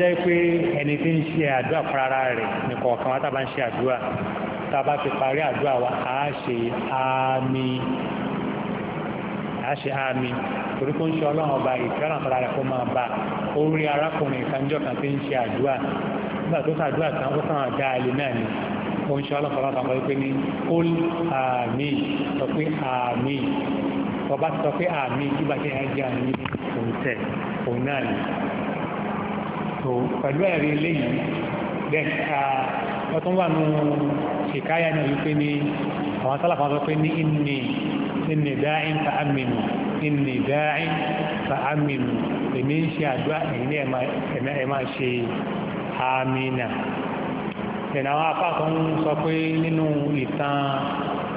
jẹ́ pé ẹni tí ń ṣe àdúrà fúnra rẹ̀ nìkan ọ̀kan wa tábà ń ṣe àdúrà tábà ti parí àdúrà wa á ṣe àmì á ṣe àmì torí kó ń ṣe ọlọ́run ọba ìfẹ́ràn fúnra rẹ̀ kó máa bá orí arákùnrin ìkanjọ́ kan tí ń ṣe àdúrà nígbà tó ṣàdúrà tán ó kàn dá ilé náà ni kó ń ṣe ọlọ́run ọba kan pé ní ó àmì sọ pé àmì ọba sọ pé àmì ìgbà tí ẹ̀ ń jẹ́ àmì òun tẹ̀ òun náà ni so pẹ̀lú ẹ̀rí eléyìí then wọ́n tún wà nù ṣìkáyà náà wípé ní àwọn sálàfà sọ pé ní inni inni dáin fa aminu inni dáin fa aminu èmi ń ṣe àdúrà èyí ní ẹ̀ ṣe amina then àwọn apá kan sọ pé nínú ìtàn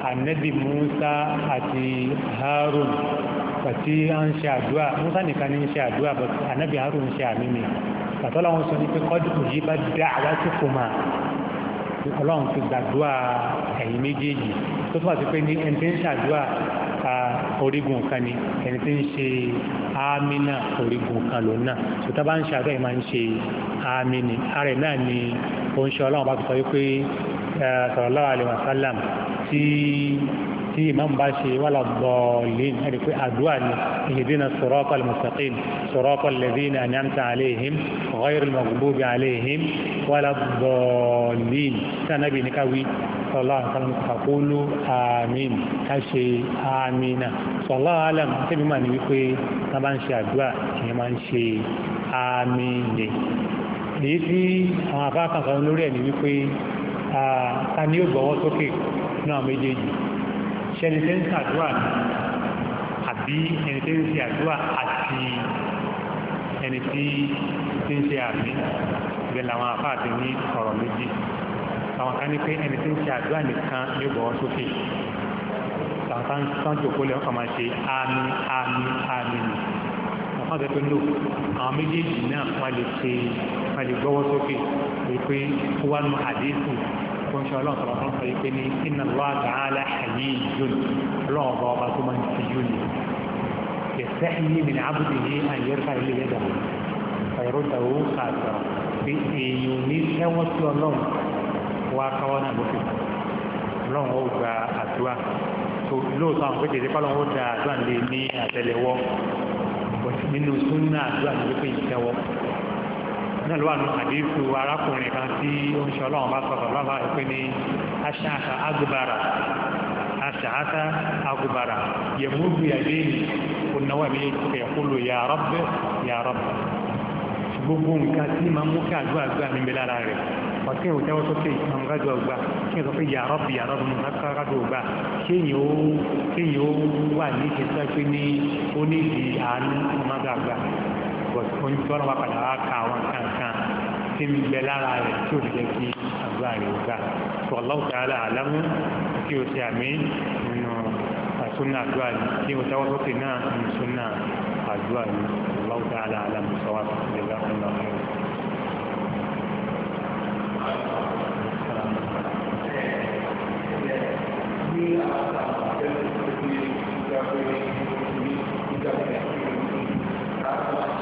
ànábì Musa àti Harun pàtí à ń ṣe àdúrà Musa nìkan ní ń ṣe àdúrà but ànábì Harun ń ṣe àmì tàtọ́lá wọn sọ ní pé kọ́dùkù yìí bá dá àwa tó kò máa ọlọ́run ti gbàdúrà ẹ̀yìn méjèèjì tó túmọ̀ sí pé ní ẹni tí ń ṣàdúrà orígun kan ni ẹni tí ń ṣe ámínà orígun kan lòun náà tó bá ń ṣàdúrà yìí máa ń ṣe ámínì ààrẹ náà ni ó ń ṣe ọlọ́run bá ti sọ wípé sallallahu alaihi wasallam tí tí imam bá ṣe wàlá bọ̀ọ̀lìn ẹ̀rí pé àdúrà ni ìhìdínà sọ̀rọ̀kọ̀ almustaqim sọ̀rọ̀kọ̀ lẹ́dínà an'amta aléhìm ọ̀gáyìrì magbubi aléhìm wàlá bọ̀ọ̀lìn tí a nábì ní káwí sọ̀lá àkàlùkàkólú àmín ká ṣe àmìnà sọ̀lá alam tẹ́bí mà ní wípé tá bá ń ṣe àdúrà ìyẹn máa ń ṣe àmìnà èyí tí ah, ta ni ó gbọ́wọ́ sókè náà méjèèjì ṣẹni tẹ́ ń ṣàdúrà ní àbí ẹni tẹ́ ń ṣe àdúrà àti ẹni tí tí ń ṣe àmì ibẹ̀ làwọn àfáà ti ní ọ̀rọ̀ méjì àwọn kan ní pé ẹni tí ń ṣe àdúrà nìkan yóò bọ̀ sókè àwọn kan tán jòkó lẹ́wọ́n kan máa ṣe àmì àmì àmì nì àwọn kan oúnjẹ ọlọ́run sọ̀rọ̀ fún ọ̀rọ̀ ìpè ní iná lọ́wọ́ àgbàlá àyè ìjọ́ni ọlọ́run ọba ọba tó máa ń ti yóni kẹsẹ́ yìí mi ní abúlé yìí àyẹ̀rẹ́fà ilé yẹn dàbò ọ̀yọ́rọ́ dàbò kàtà pé èèyàn ní sẹ́wọ́n sí ọlọ́run wá káwọ́ náà lókè ọlọ́run ó gba àdúrà tó lóòótọ́ àwọn péjì ìdíkọ́ ọlọ́run da àdúrà lé ní àtẹ́lẹwọ́ nínú súnà àdúrà lókè ìtẹ́wọ́ náà ló wà nù àdéhùn arákùnrin kan tí ó ń ṣe ọlọ́run bá sọ̀rọ̀ lọ́wọ́ àìpé ní aṣááṣá agbára aṣááṣá agbára yẹmúgbì àdéhùn onáwó mi kẹ̀kúlù ya Rabb ya Rabb gbogbo nǹkan tí máa mú kí àdúrà gbà mí bẹ lára rẹ̀ ọ̀kẹ́ ò tẹ́wọ́ sókè àwọn gájọ ọgbà kí n sọ pé ya Rabb ya Rabb mú kájọ ọgbà kéèyàn ó wà ní ìṣẹ́sẹ́ pé ní ó ní ìdí àánú ọmọdé àgbà but oyún tí wọ́n wá padà wá ka àwọn kankan tí ń bẹ lára rẹ̀ tí ò jẹ́ kí àdúrà rẹ̀ gbà tó Allahu ta'ala àlámú kí o ṣe àmì nínú àsúnà àdúrà yìí kí o táwọ́ sókè náà nínú súnà àdúrà yìí Allahu ta'ala àlámú sọ́wọ́ àtúndẹ̀gbà fún ọ̀hún. Thank you.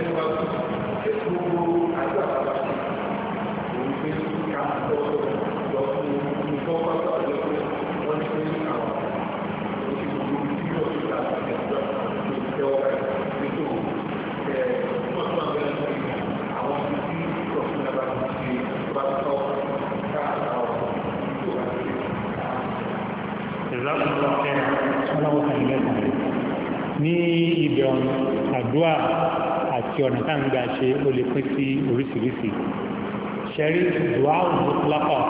ẹnu wa tó ṣe gbogbo àgbà bàbá ṣe ọ̀nà àdúrà pé ọ̀nà tá à ń gbà ṣe ó lè pín sí oríṣiríṣi ṣẹ́rí duawu mutlakọ̀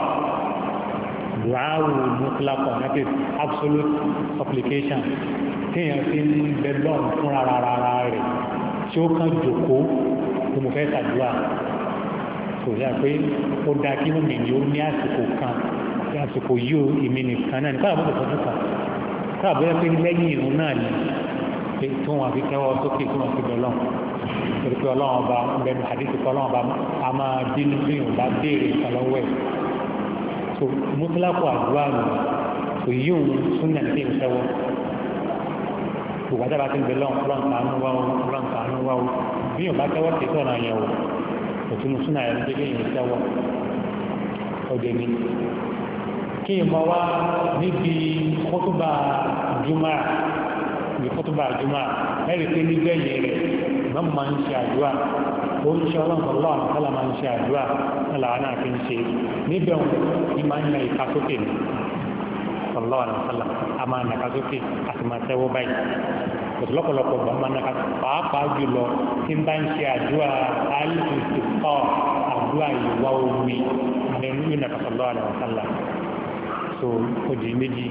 duawu mutlakọ̀ that is absolute supplication téèyàn fi ń bẹ lọ́n fúnra rárá rẹ̀ tí ó kàn jòkó tó mo fẹ́ ṣàdúrà kò yá pé ó dáa kí wọ́n mìíràn ó ní àsìkò kan àti àsìkò yìí ó èmi nìkan náà nípa àbúrò tó fún kan káàbọ̀ pé lẹ́yìn ìrún náà ni tí wọ́n fi kẹ́wọ́ sókè tí wọ́n fi bẹ̀ lọ́n torí pé ọlọ́run ọba bẹnu àdìsí pé ọlọ́run ọba a máa bínú bí òun bá béèrè so mọ́tíláàkù àdúrà nù kò yí òun súnà sí ìṣẹ́wọ́ gbogbo àti àbátí ń bẹ lọ́n lọ́n kàánú wá o lọ́n kàánú wá o bí òun bá tẹ́wọ́ sí ìtọ́nà yẹn o òtún súnà yẹn ló dé ìṣẹ́wọ́ ọdẹ ni kí n mọ níbi kótóbà jùmọ̀ níbi kótóbà jùmọ̀ ẹ̀rí pé nígbẹ̀yìn rẹ̀ imam máa ń ṣe àdúrà oríṣẹ́ ọlọ́nkọ̀lọ́ àkọ́lá máa ń ṣe àdúrà láàánà fi ń ṣe níbẹ̀ ní máa ń na ìkasókè ní ọlọ́wà àkọ́lá a máa na kasókè àti máa tẹ́wọ́ báyìí lọ́pọ̀lọpọ̀ bá máa na pàápàá jùlọ tí ń bá ń ṣe àdúrà alìsìtì ọ̀ àdúrà ìwà omi nínú ìnàkàsọ̀lọ́ àkọ́lá so odi méjì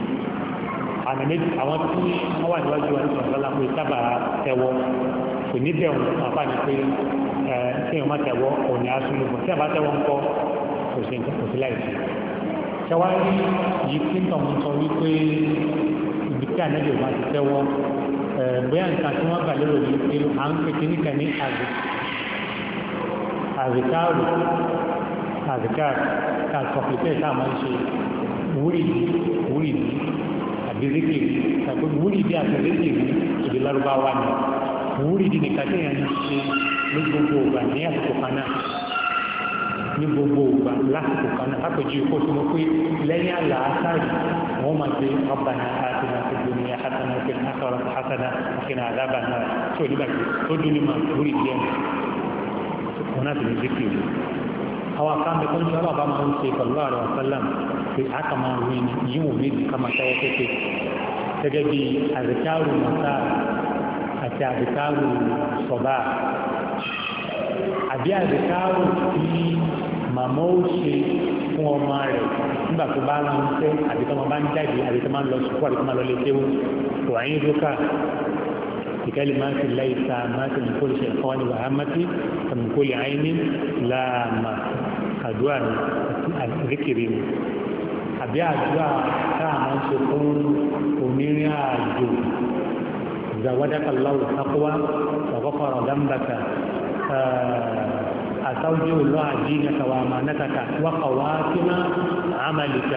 àmì méjì àwọn tí wọ́n wà níwájú wa ní sọ̀rọ̀ kò ní bẹ̀rù àbá ni pé tí èèyàn má tẹ̀wọ́ òní asúlù bọ̀ tí àbá tẹ̀wọ́ ń kọ́ kò sí nǹkan kò sí láì sí. ṣẹwárí yìí clinton sọ wípé ibi tí ànájọ bá ti tẹ́wọ́ bóyá nǹkan tí wọ́n gbà lérò ní pé à ń pè kíníkà ní àzìkáàrù àzìkáàrù ká sọ̀pìtẹ́ tá a máa ń ṣe wúrìdì wúrìdì àbí zikiri tàbí wúrìdì àti zikiri ìdí ni mùúrìdì di tí èèyàn ń ṣe ní gbogbo ògbà ní àsìkò kan náà ní gbogbo ògbà lásìkò kan náà lápèjì kó tó mọ pé lẹ́yìn àlàáfáàrì wọ́n máa gbé ọ̀bàna àtìmá ti dùn ní àtàná pé àtọ̀rọ̀ àtàná àkínà àdábà náà tí ò nígbà tí ó dún ní máa lórí ìdí ẹ̀mí wọn náà sì ní zikì òní. àwọn akáǹbẹ kan tí ọlọ́ọ̀bá máa ń ṣe pẹ̀lú àrẹ ọ̀sálàm pé àkà máa ń rí méjì ká máa ṣáwọ́ pépé gẹ́gẹ́ bí àzẹ̀kárù mọ̀tá àti àdìkáàrù sọ̀bá àbí àdìkáàrù tí màmá ó ṣe fún ọmọ rẹ̀ nígbà tó bá lọ ń tẹ́ àbí tó máa bá ń jáde àbí tó máa ń lọ sùkú àbí tó máa lọ lè tẹ́wọ́ tó àyín lókà ìkẹ́lì máa ń زودك الله التقوى وغفر ذنبك أتوجه الله دينك وأمانتك وقواتم عملك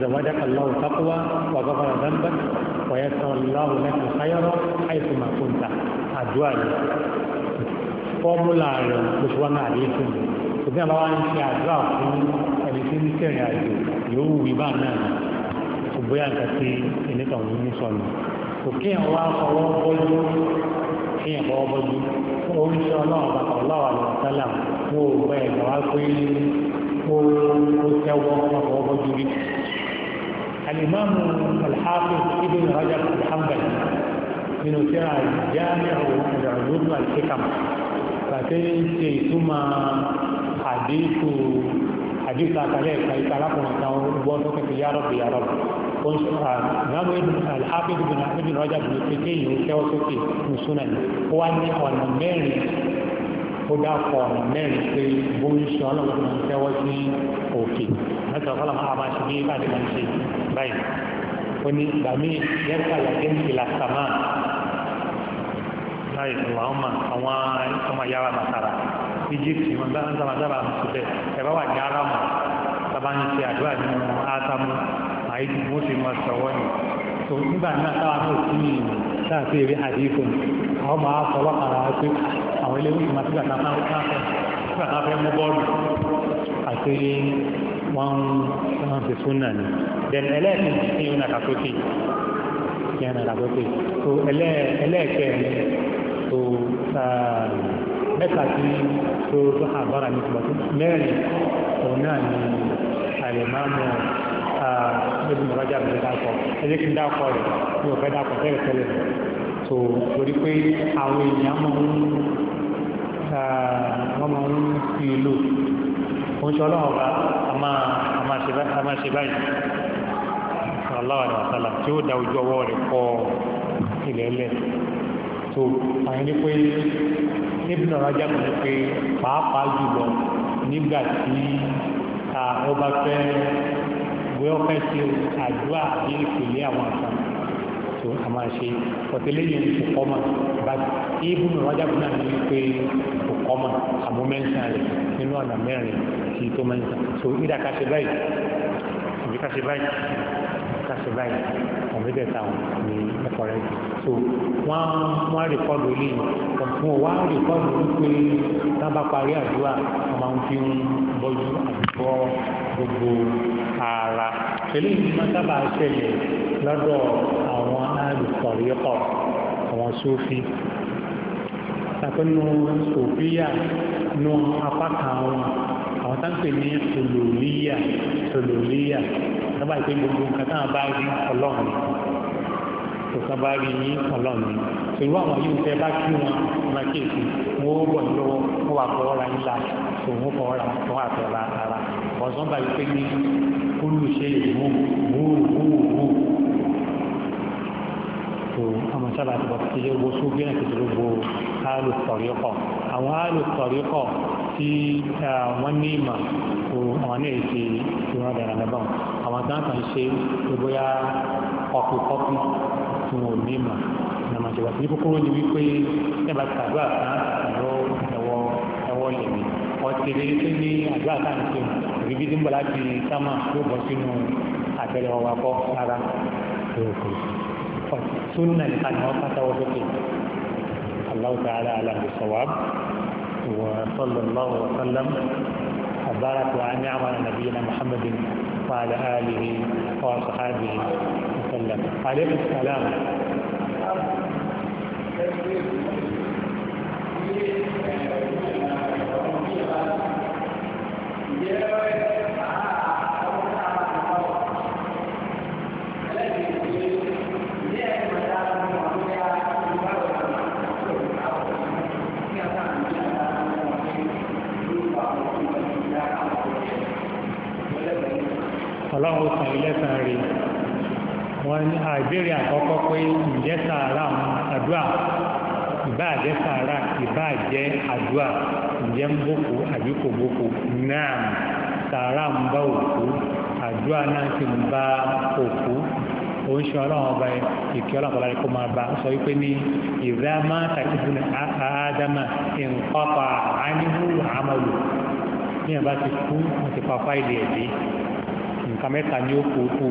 زودك الله تقوى وغفر ذنبك ويسر الله لك الخير حيثما كنت أدواني fọ́múlà rẹ̀ lóṣù wọn náà yéé fún mi òbí àwọn wa ń àdúrà fún ẹni tí ń kẹrìn àjò yóò wí bá náà ṣùgbọ́n yàtọ̀ sí ẹnìkan òun ní sọnù kò kí ẹ̀ wá fọwọ́ bọ́jú kí ẹ̀ fọwọ́ bọ́jú ó ń ṣe ọlọ́run bàtà ọlọ́wà lọ sálà mo ò gbẹ ẹ̀gbọ́n wá pé ó tẹ́wọ́ fọwọ́ bọ́jú rí الإمام الحافظ ابن رجب الحنبلي من ترى جامع العلوم والحكم فتنسي ثم حديث حديث أكليك فإذا لكم أنه بوضعك يا رب يا رب ìmáàmù ah, alhafiz bin abdul rajab bin pépé yìí ó kẹ́wọ́ sókè mùsùlùmí ó wá ní ọ̀nà mẹ́rin ó dákọ̀ ọ̀nà mẹ́rin pé bó ń ṣe ọlọ́run máa ń kẹ́wọ́ sí òkè mẹ́ta ọ̀fọ́lá máa máa ṣe bí ìbàdí máa ń ṣe báyìí ó ní ìgbà míì yẹ́rìkà yàtẹ́ ń kìlà sàmà láì ìwàhùnmá àwọn ọmọ yàrá màtàrà egypt wọn bá ń sábà ń sọ bẹ́ẹ̀ wà ní aramu sábà ń ṣe àdúrà nínú átámú àì wọ́n ṣe máa sọ̀wọ́ ni tó nígbà náà táwọn náà sí ní ìlú láti eré àdéhùn ni àwọn máa fọwọ́ ara wọn pé àwọn ilé ìwé máa tígbà táwọn náà fẹ́ mú bọ́ọ̀lù àti wọ́n ń fi súnà ni then ẹlẹ́ẹ̀kejì sí ìrìn àkàtókè ìrìn àkàtókè tó ẹlẹ́ẹ̀kẹrin tó mẹ́ta tí tó àbára ní tìbàtí mẹ́rin òun náà ni àlèmáàmù níbi ìrọ̀jà mi ló dákọ̀ ẹ jẹ́ kí n dákọ̀ rẹ̀ mi ò fẹ́ dákọ̀ tẹ́lẹ̀ tẹ́lẹ̀ tó torí pé àwọn èèyàn máa ń wọ́n máa ń fi lò òun ṣe ọlọ́run ọba a máa ṣe báyìí sallallahu alaihi wasallam tí ó da ojú ọwọ́ rẹ̀ kọ ilẹ̀ ẹlẹ̀ tó àyìn ní pé Ibn Rajab ní pé pàápàá jùlọ nígbà tí ọba fẹ́ bóyá ọkọ̀ ẹ̀sìn àdúrà àbí ìpìlẹ̀ àwọn àṣà tó a máa ṣe pọ̀tẹ́lẹ́yìn ìkọ́mà bá ibùn rọ́jàbù náà ní pé ìkọ́mà àmúmẹ́ńsà rẹ̀ nínú ọ̀nà mẹ́rin tí tó mẹ́ńsà tó ìdá kàṣẹ báyìí ìbí kàṣẹ báyìí kàṣẹ báyìí ọ̀mí tẹ̀sà ní ẹ̀kọ́ rẹ̀ tó wọ́n wọ́n rìkọ́dù ilé wọn wá rìkọ́dù wípé tábà parí àdúrà wọ́n tààrà eléyìí máa sábà ṣẹlẹ̀ lọ́dọ̀ àwọn alùpọ̀rẹ́kọ̀ àwọn sófi sàpẹ́nu sòfíà nu apá kan wọn àwọn táǹpẹ̀ ní olòlíyà olòlíyà sábà ìpè gbogbo nǹkan táwọn bá rí ọlọ́run nǹkan bá rí yín ọlọ́run pẹ̀lú àwọn yìí tẹ́ bá kí wọn máa kéèké wọn ó bọ̀ lọ́wọ́ wọn wà fọwọ́ ra yín la òun fọwọ́ ra wọn àtọ̀ ra ara ọ̀sán báyìí pé ní kúlù ṣe ìwò wúwúwú tó àwọn sábà ti bọ̀ kí ló gbó sóbí náà kìtìlú gbó áàlù tọ̀ríkọ̀ àwọn áàlù tọ̀ríkọ̀ tí wọ́n ní ìmọ̀ tó àwọn náà ti fi wọ́n dára lẹ́bọ̀n àwọn tó ń kàn ṣe gbogbo ya kọkùkọkù tí wọn ò ní ìmọ̀ nàmà ìjọba tí kúkúrú ni wípé ẹ̀bà tàbí àtàn ẹ̀wọ̀ ẹ̀wọ̀ lèmi ọ̀tẹ̀lẹ̀ tó ní àdúrà táà ń ṣe ibi tí ń bọ̀ láti sámà yóò bọ̀ sínú àtẹlẹ ọwọ́ akọ rárá sunna nìkan ni wọ́n pátá wọ́n sókè Allahu ta'ala ala bisawab wa sallallahu wa sallam وبارك وأن يعمل نبينا محمد وعلى آله وأصحابه وسلم عليكم السلام ìlẹ́sàn rí wọ́n ní àìbéèrè àkọ́kọ́ pé ǹjẹ́ sàárà àdúà ìbáàjẹ́ sàárà ìbáàjẹ́ àdúà ǹjẹ́ ń bòkú àbí kò bòkú náà sàárà ń bá òkú àdúà náà sì ń bá òkú òun ṣe ọlọ́run ọba ìkẹ́ ọlọ́run ọba kó máa bá sọ wípé ní ìdámá tàkìbù ní àádámà ìǹkọ́pà áníhù àmọ́lù ní ọba ti kú wọ́n ti pa fáìlì ẹ̀dí nǹkan mẹ́ta ní òkòókò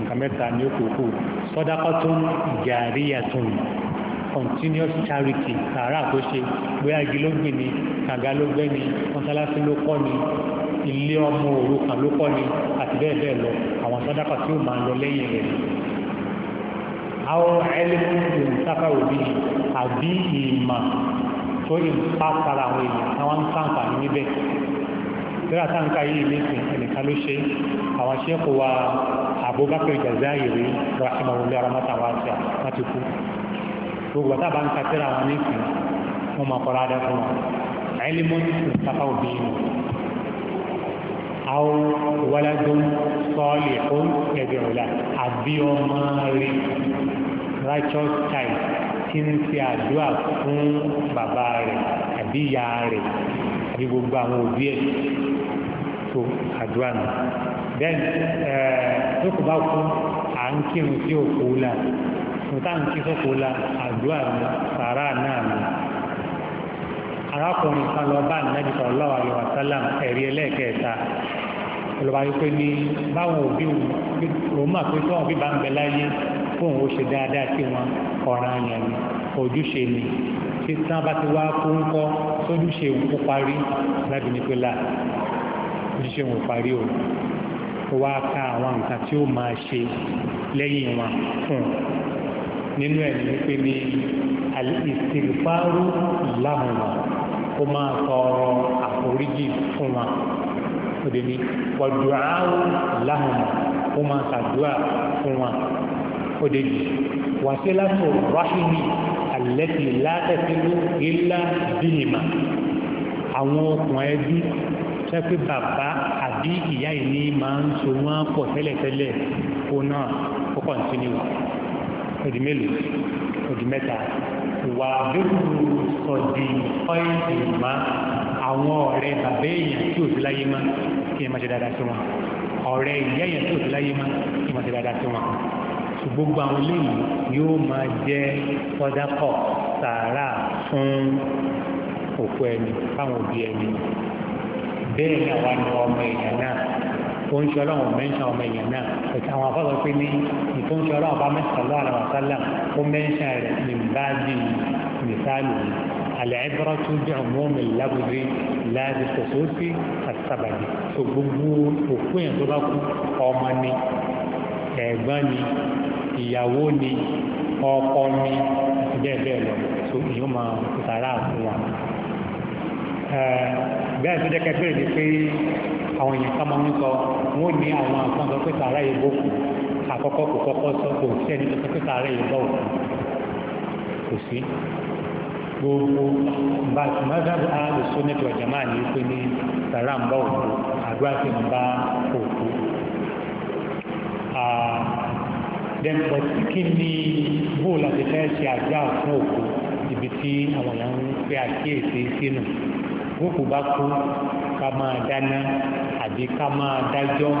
nǹkan mẹ́ta ní òkòókò sọ́dákọ́tún jàríyàtún continuous charity sàárà tó ṣe bóyá igi ló gbìn ní kàga ló gbẹ́ ní mọ́sálásí ló kọ́ ní ilé ọmọ òrukàn ló kọ́ ní àti bẹ́ẹ̀ bẹ́ẹ̀ lọ àwọn sọ́dákọ̀ tí ó máa lọ lẹ́yìn rẹ̀ àwọn ẹlẹ́mú ìrìnsáfà òbí àbí ìmọ̀ tó ìpá para àwọn èèyàn àwọn ń sàǹfà níbẹ̀ tíra táǹkà yìí lẹ́sìn ẹnìkan ló ṣe àwọn ṣẹ́kù wa Abubakar Jazairi rahimahullah ramatawa ṣe àti kú gbogbo àti àbáǹkà tíra wọn lẹ́sìn wọn máa kọ́ra dá fún wọn ẹlẹ́mọ́ ìtàkà òbí yìí àwọn waladun sọ́ọ̀lì ẹ̀kọ́ ẹ̀bẹ̀ ọ̀la àbí righteous child tí ń ṣe àdúrà fún bàbá rẹ̀ àbí rẹ̀ àbí gbogbo àwọn òbí ẹ̀ so àdúrà nù then eh, tó kò bá kú à ń kírun sí òkú la mo tá à ń kí sókò la àdúrà nù sàárà náà nù arákùnrin kan lọ bá Ànábì sallallahu alaihi wasallam ẹ̀rí ẹlẹ́ẹ̀kẹta olùbá yìí pé ní báwọn òbí òun mà pé tóun bí bá ń bẹ láyé fóun ó ṣe dáadáa sí wọn ọ̀ràn yẹn ni ojúṣe ni tí tí wọn bá ti wá kó ń kọ́ sójúṣe òun kó parí lábìnrin òṣìṣẹ́ wọn parí o ó wá ká àwọn nǹkan tí ó máa ṣe lẹ́yìn wọn fún un nínú ẹ̀ ní pé ní ìsìnfàárù láhùn wọn ó máa tọrọ àforíjì fún wọn òde ní wàdùá láhùn wọn ó máa ṣàdúrà fún wọn òde jù wàsílátò ráhìmì àlẹ́tì látẹ̀sílú ilá bíhìmà àwọn okùn ẹbí ṣe pé bàbá àbí ìyá yìí ni máa ń so wọ́n pọ̀ tẹ́lẹ̀tẹ́lẹ̀ kó náà ó kọ̀ǹtínú odi mélòó odi mẹ́ta wà dúró sọ̀dì ọ́ìlì má àwọn ọ̀rẹ́ bàbá èèyàn tí ò sí láyé má kí ẹ má ṣe dáadáa sí wọn ọ̀rẹ́ ìyá èèyàn tí ò sí láyé má kí ẹ má ṣe dáadáa sí wọn gbogbo àwọn eléyìí yóò máa jẹ́ sọ́dákọ̀ sàárà fún òkú ẹni fáwọn òbí ẹni ìbéèrè náà wà ní ọmọ èèyàn náà ó ń ṣe ọlọ́run mẹ́ńṣà ọmọ èèyàn náà ẹ̀ka àwọn afọ́sọ pé ní ìtò ń ṣe ọlọ́run bá mẹ́sàn lọ́wọ́ àlọ́ àṣálà ó mẹ́ńṣà rẹ̀ ní báàdì mìsáàlù àlẹ́ẹ̀bọ́rọ́ tó jẹ́ ọmọọmọ ìlábùdé láti sọ̀sọ́sí àti sàbàdì tó gbogbo òkú yẹn tó bá kú ọmọ ni ẹ̀gbọ́n ni ìyàwó ni ọkọ ni bẹ́ẹ̀ bẹ́ẹ̀ lọ tó ìyó máa sàrà fún bẹ́ẹ̀ tó jẹ́ kẹfẹ́ ìdí pé àwọn èèyàn kan máa ń sọ wọ́n ní àwọn àkàn sọ pé sàárà ìbò àkọ́kọ́ kò kọ́kọ́ sọ kò sí ẹni tó sọ pé sàárà ìbò òkú kò sí gbogbo mọ́sáàbù alùsọ nẹ́tọ̀ jama ní pé ní sàárà ń bá òkú àdúrà sì ń bá òkú ah, then but kí ni bóòlù àti fẹ́ ṣe àdúrà fún òkú ibi tí àwọn èèyàn ń pẹ́ àkíyèsí sínú bókù bá kú ká máa dáná àbí ká máa dájọ́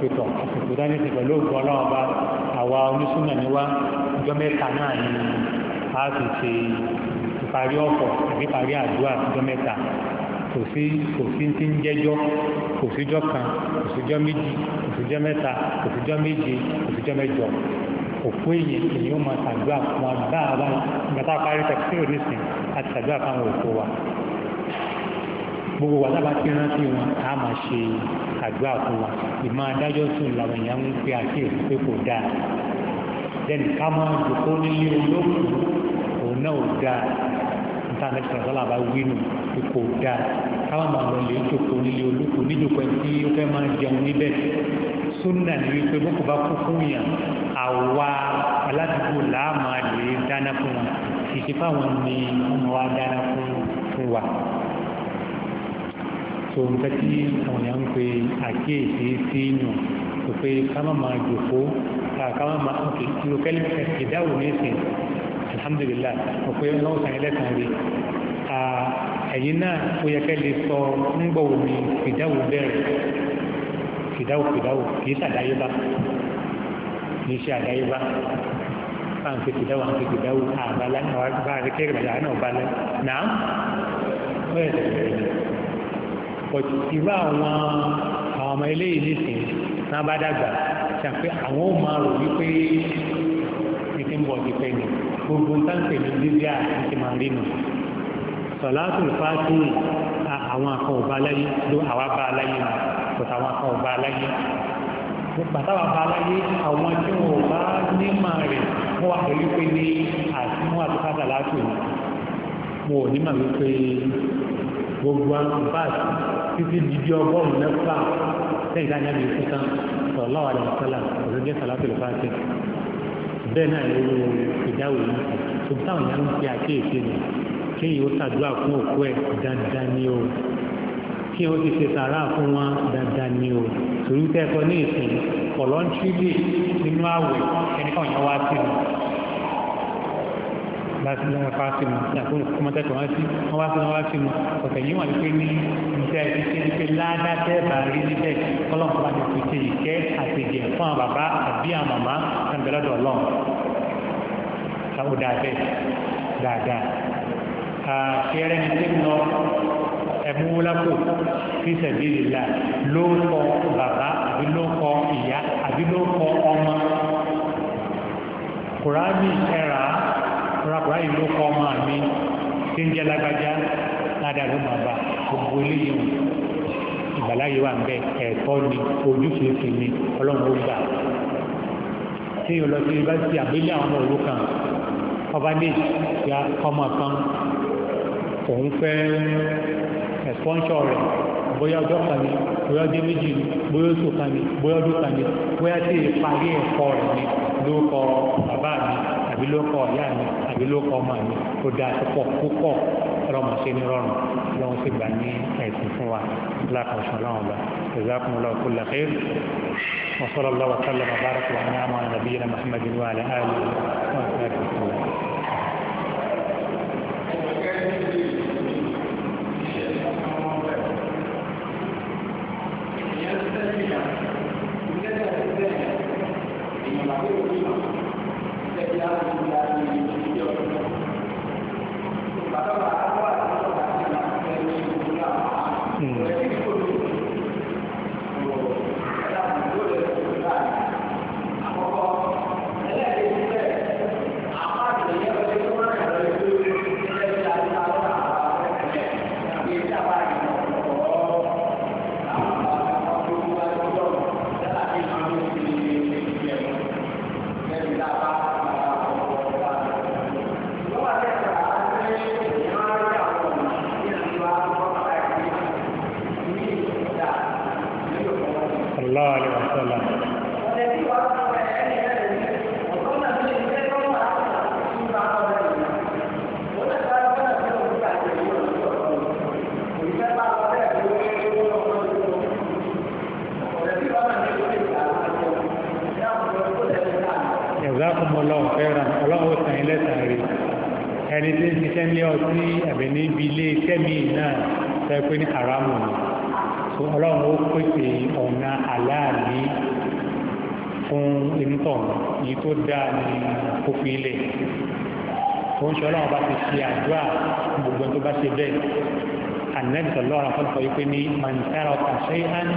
pẹ̀tọ̀ àsìkò dání ti pẹ̀lú ògùn ọlọ́run bá àwa onísùnà níwá ọjọ́ mẹ́ta náà ni a ti ṣe ìparí ọ̀fọ̀ àbí ìparí àdúrà ọjọ́ mẹ́ta kò sí kò sí ti ń jẹ́jọ́ kò síjọ́ kan kò síjọ́ méjì kò síjọ́ mẹ́ta kò síjọ́ méje kò síjọ́ mẹ́jọ òkú èyàn èyàn ó máa tàdúrà fún wa bá a bá a gbàtà parí tẹkítírì nísìnyí àti tàdúrà fáwọn òkú wa gbogbo wa sábà ti rántí wọn a máa ṣe àdúrà fún wa ìmọ̀ adájọ́ sùn làwọn èèyàn ń pe àkíyèsí pé kò dáa then ká máa dòkó nílé olókùn òun náà ò dáa níta mẹ́tì kan sọ́lá bá wí nù pé kò dáa ká máa lọ lè jòkó nílé olókùn níjòkó ẹni tí ó fẹ́ máa jẹun níbẹ̀ súnà ní wípé bókò bá kú fún yàn àwa aládùúgbò làá máa lè dáná fún wa kì ṣe fáwọn ni wọ́n máa wá dáná fún wa so nǹkan tí àwọn èèyàn ń pe àkíyèsí sí nù kò pé ká má máa jòkó ká má máa ok lókẹ́lì ìdáwò ní ìsìn alhamdulillah kò pé ọlọ́wọ́ sàn ẹlẹ́sàn rí ẹ̀yìn náà ó yẹ kẹ́ lè sọ ń gbọ̀wò mi ìdáwò bẹ̀rẹ̀ fìdáwò fìdáwò kìí sàdáyébá kìí ṣe àdáyébá bá ń fi fìdáwò àti fìdáwò àbálá àwọn bá àti kéré bàjá náà bá lẹ́ náà ó yẹ kẹ́ lè pọ̀jù irú àwọn àwọn ọmọ eléyìí nìsín náà bá dàgbà ṣàpé àwọn ò máa rò wípé títí ń bọ̀ ti pẹ́ ni gbogbo táǹkì ní bíbíà ti máa rí nù sọ̀láàtù fàájì àwọn akọ̀ ọba aláyé ló àwa bá aláyé nù pọ̀tà àwọn akọ̀ ọba aláyé pàtàwà bá aláyé àwọn tí wọn ò bá ní màá rẹ̀ wọ́n wà pẹ̀lú pé ní àti wọn àti pátá láti òun wọn ò ní mà wípé gbogbo àwọn báàsì títí dídí ọgọ́rùn-ún mẹ́fà lẹ́yìn dáná ní ikú tán sọ̀lá wà lẹ́yìn sọ́là òṣèlú sọ̀lá tó lè fà ṣe bẹ́ẹ̀ náà ló wo ìdáwò yìí ṣùgbọ́n táwọn èèyàn ń fi àkéèké ni kéèyàn ó ṣàdúrà fún òkú ẹ̀ dandan ni o kí wọ́n ti ṣe sàárà fún wọn dandan ni o torí tẹ́kọ̀ọ́ ní ìsìn kọ̀lọ́ńtírì nínú àwẹ̀ ẹnìkan yẹn wá sí i mọ́sálásí lọ́wọ́ fásitì na kọ́mọ́tẹ́tọ̀ wọn sí wọ́n wá sí wọn wá sí mu ọ̀tẹ̀ yìí wà ní pé ní ìṣe ìṣe ìṣe ládá tẹ́ẹ̀bà rí níbẹ̀ kọ́lọ́mù bá ti fi ṣe ìkẹ́ àtẹ̀jẹ̀ fún àwọn bàbá àbí àwọn màmá àbẹ̀lọ́dọ̀ ọlọ́run ó dáa bẹ́ẹ̀ dáadáa àfẹ́rẹ́ ní tí ń lọ ẹ̀múwúlápò fi sabilillah ló ń kọ bàbá àbí ló ń kọ rakura yìí ló kọ́ ọmọ mi tí ń jẹ́ lágbájá ládàá ló máa bá gbogbo eléyìí ìgbàláyé wà ń bẹ ẹ̀kọ́ ni ojúṣeéṣe ni ọlọ́run ó gbà tí yóò lọ sí yunifásitì àbílẹ̀ àwọn ọmọ òrukàn ọba ní ìyá ọmọ kan òun fẹ́ ẹ̀fọ́nṣọ́ rẹ̀ bóyá ọjọ́ kan ni bóyá ọjọ́ méjì ni bóyá oṣù kan ni bóyá ọdún kan ni bóyá tí ìparí ẹ̀kọ́ rẹ̀ ni lórúkọ bàbá mi àbí ló kọ ìyá mi àbí ló kọ ọmọ mi tó dáa púpọ̀ púpọ̀ ọlọ́mọ ṣe ní rọrùn lọ́wọ́ sì gbà ní ẹ̀sìn fún wa lákàtúnṣe ọlọ́run ọba جزاكم الله كل خير وصلى الله وسلم وبارك وانعم على نبينا محمد وعلى اله وصحبه وسلم èyí tó dáa ní òfin ilé òun ṣe ọlọ́run bá ti ṣe àdúrà gbogbo tó bá ṣe bẹ́ẹ̀ ànẹ́bí sọ̀lọ́ ọ̀rọ̀ fún sọ wípé ní mọ̀nìtàrà ọ̀kà ṣẹ́yán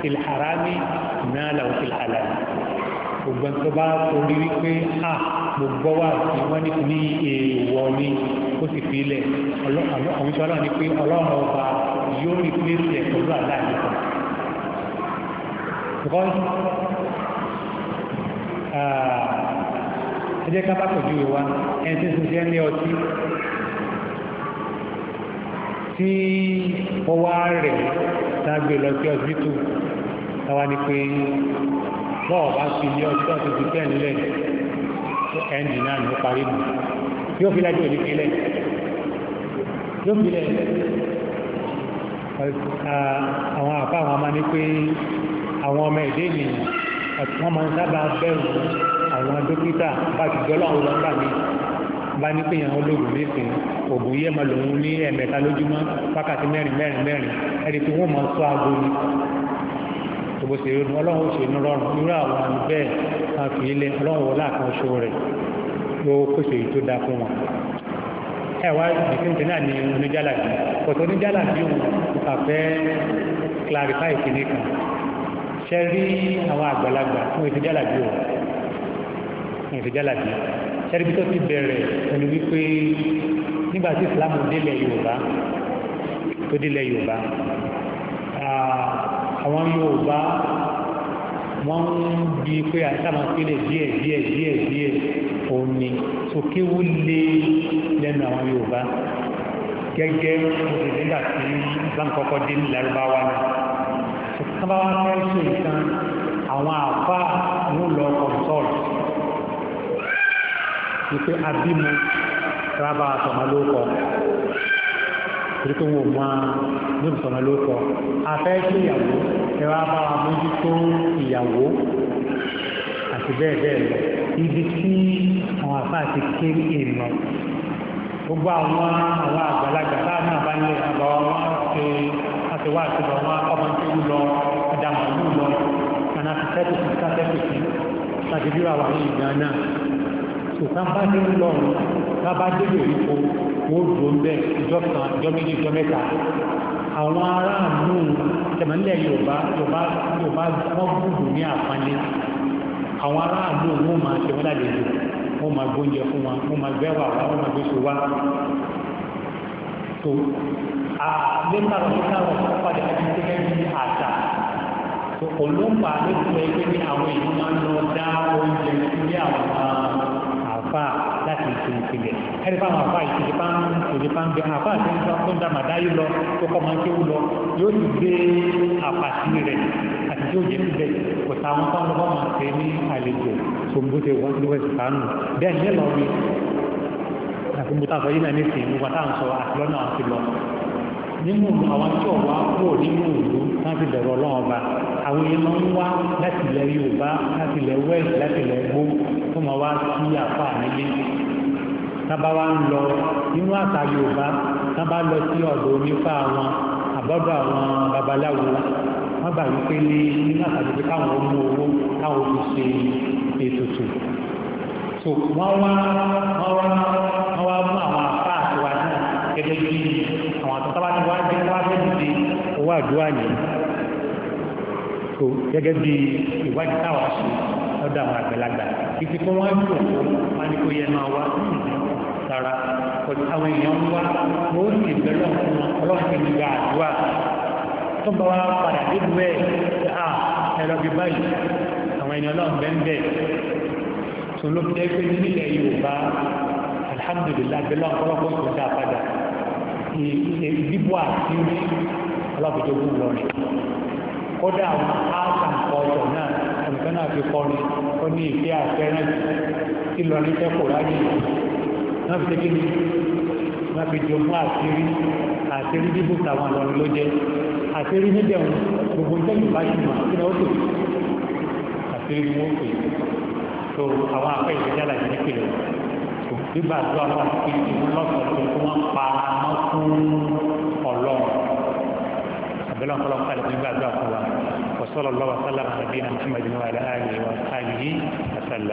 tìlhàrámì náà làwọn tìlhàlà gbogbo tó bá torí wípé à gbogbo wà tí wọ́n ní ní èèwọ̀ ni ó sì fi ilẹ̀ ọ̀hún ṣe ọlọ́run ni pé ọlọ́run ọba yóò rí pílẹ̀sì ẹ̀ pẹ̀lú àlá àdìsọ̀ ẹjẹ́ ká bá pẹ̀lú ìwá ẹni tí ń ṣiṣẹ́ ní ọtí tí ọwá rẹ̀ tágbé lọ sí ọsibítù táwa ni pé bọ́ọ̀ bá fi ilé ọtí ọtí ti tẹ̀ nílẹ̀ ẹnjì náà ló parí mu yóò fi lájú òní kílẹ̀ yóò fi lẹ̀ àwọn àbá àwọn ọmọ ni pé àwọn ọmọ ẹ̀dẹ́ ènìyàn àti wọ́n máa ń sábà bẹ̀rù àwọn dókítà bá ti jọ́lọ́ àwọn ọlọ́gbà mi bá ní pé àwọn olóògùn nísìn ògùn yẹ́ máa lòun ní ẹ̀mẹ́ta lójúmọ́ wákàtí mẹ́rin mẹ́rin mẹ́rin ẹni tí wọ́n máa sọ aago ni gbogbo ṣe rí ọlọ́run ó ṣe ní rọrùn irú àwọn àmì bẹ́ẹ̀ kan fi ilé ọlọ́run wọlé àkànṣe rẹ̀ ló pèsè èyí tó dáa fún wọn ẹ̀wá ìdíkíńtì náà ni oníjàlá yìí pọ̀tọ́ oníjàlá yìí òun kò fẹ́ clarify kìnnìkan ṣe rí àwọn àgbàlagbà tí wọ́n ti jálàbí o wọ́n ti jálàbí ṣe rí bí tó ti bẹ̀rẹ̀ pẹ̀lú wípé nígbà tí ìsìlámù délẹ̀ yorùbá tó délẹ̀ yorùbá àwọn yorùbá wọ́n ń bi pé àtàmọ́sílẹ̀ díẹ̀ díẹ̀ díẹ̀ díẹ̀ òun ni sòkéwú lé lẹ́nu àwọn yorùbá gẹ́gẹ́ nígbà tí islam kọ́kọ́ dé ní lárúbáwá náà tán bá wá fẹ́ ṣe nǹkan àwọn àfá ń lọ kọ̀ǹtọ́ọ̀lù wípé abímọ rábà sọ̀mọ́lókọ̀ torí pé wọn ò mọ níbi sọ̀mọ́lókọ̀ afẹ́ ṣe ìyàwó ẹwà bá wa mójútó ìyàwó àti bẹ́ẹ̀ bẹ́ẹ̀ lọ ibi tí àwọn àfá ti kéré èèmọ̀ gbogbo àwọn àwọn àgbàlagbà láàrin àbáyé àbáwọn ṣe ṣe wá àti lọ wọn ọmọ tí ó lọ ẹ̀dá màálù lọ kaná ti tẹ́tù sí kátẹ́tù sí láti bí wàá ní ìgbà náà ṣùgbọ́n bá dé lọ bá bá débè ipò wọ́n dùn ń bẹ́ ìjọ kan ìjọ méjì ìjọ mẹ́ta àwọn aráàlú tẹ̀mọ́lẹ̀ yorùbá yorùbá yorùbá wọ́n gbùdù ní àpánlé àwọn aráàlú wọn máa ṣe wọ́n lálejò wọ́n máa gbóúnjẹ fún wọn wọ́n máa gbẹ́wà wá wọ́n máa gbéṣọ wá àlékà lọ́kítà rẹ̀ padà ẹni tó gẹ́gẹ́ bí àṣà olóńgbà ló ti wọ ẹgbẹ́ ní àwọn èèyàn máa ń lọ dá oúnjẹ sílé àwọn àfa láti ṣe ìpìlẹ̀ ẹni fáwọn àfa ìṣèlè bá ń ṣèlè bá ń gbé àfa àti ẹni tó ń dá màdáyé lọ tó kọ́ máa ń kéwú lọ yóò ti gbé àpàtì rẹ̀ àti tí ó jẹ́ síbẹ̀ kò táwọn tó lọ́wọ́ máa ṣe ní àlejò tó ń bóde wọ́n ló wẹ̀sì sánú bẹ́ẹ̀ ní ẹ̀lọ́rin àti nínú àwọn tí ọ̀wá kúrò nínú ìlú láti bẹ̀rẹ̀ ọlọ́run ọba àwọn èèyàn máa ń wá láti ilẹ̀ yorùbá láti ilẹ̀ west láti ilẹ̀ gbó tó máa wá sí àpá nílé tábà wá ń lọ nínú àṣà yorùbá tábà lọ sí ọ̀dọ̀ onífá wọn àbọ̀dọ̀ àwọn babaláwo wọ́n gbà wípé ní nínú àṣà yorùbá káwọn ó mú owó káwọn ó fi ṣe ètùtù so wọ́n wá wọ́n wá wọ́n wá mú àwọn àpá àtiwá náà gẹ́gẹ́ bí ọwọ́ àdúrà ní tó gẹ́gẹ́ bí ìwádìí táwà ṣe lọ́dọ̀ àwọn àgbàlagbà títí kí wọ́n dùn wá ní kó yẹ máa wá sára àwọn èèyàn wá ó sì bẹ̀rẹ̀ ọlọ́sìn ìgbà àdúrà tó bá wá padà débi ẹ̀ à ẹ̀rọ bí báyìí àwọn ènìyàn ọlọ́run bẹ́ẹ̀ bẹ́ẹ̀ tó ló fi jẹ́ pé nílẹ̀ Yorùbá alhamdulilayi bẹ́ẹ̀ lọ́nkọ́lọ́kọ́ tó dáa padà ìdìbò àti alábòjogún lọ́rin kódà àwọn áàtà ọ̀tọ̀ náà ẹnìkan náà fi kọrin ó ní ìfẹ́ àfẹ́rẹ́ tí lọ́rin tẹ́kọ̀ ráyè náà fi tẹ́kí ni wọ́n fi jogún àṣírí àṣírí bíbù tàwọn lọ́rin ló jẹ́ àṣírí níbẹ̀ wọn gbogbo ìtẹ́lù bá ṣì máa kí ó tò àṣírí ni wọ́n pè so àwọn afẹ́ ìgbéjáde àti nípìnlẹ̀ gbígbàdúrà wọn fi ìmúlọ́sọ̀tún tí wọ́n pa á mọ́ fún ọlọ́run بلان قلوا قال ابن باز وصلى الله وسلم على نبينا محمد وعلى اله وصحبه وسلم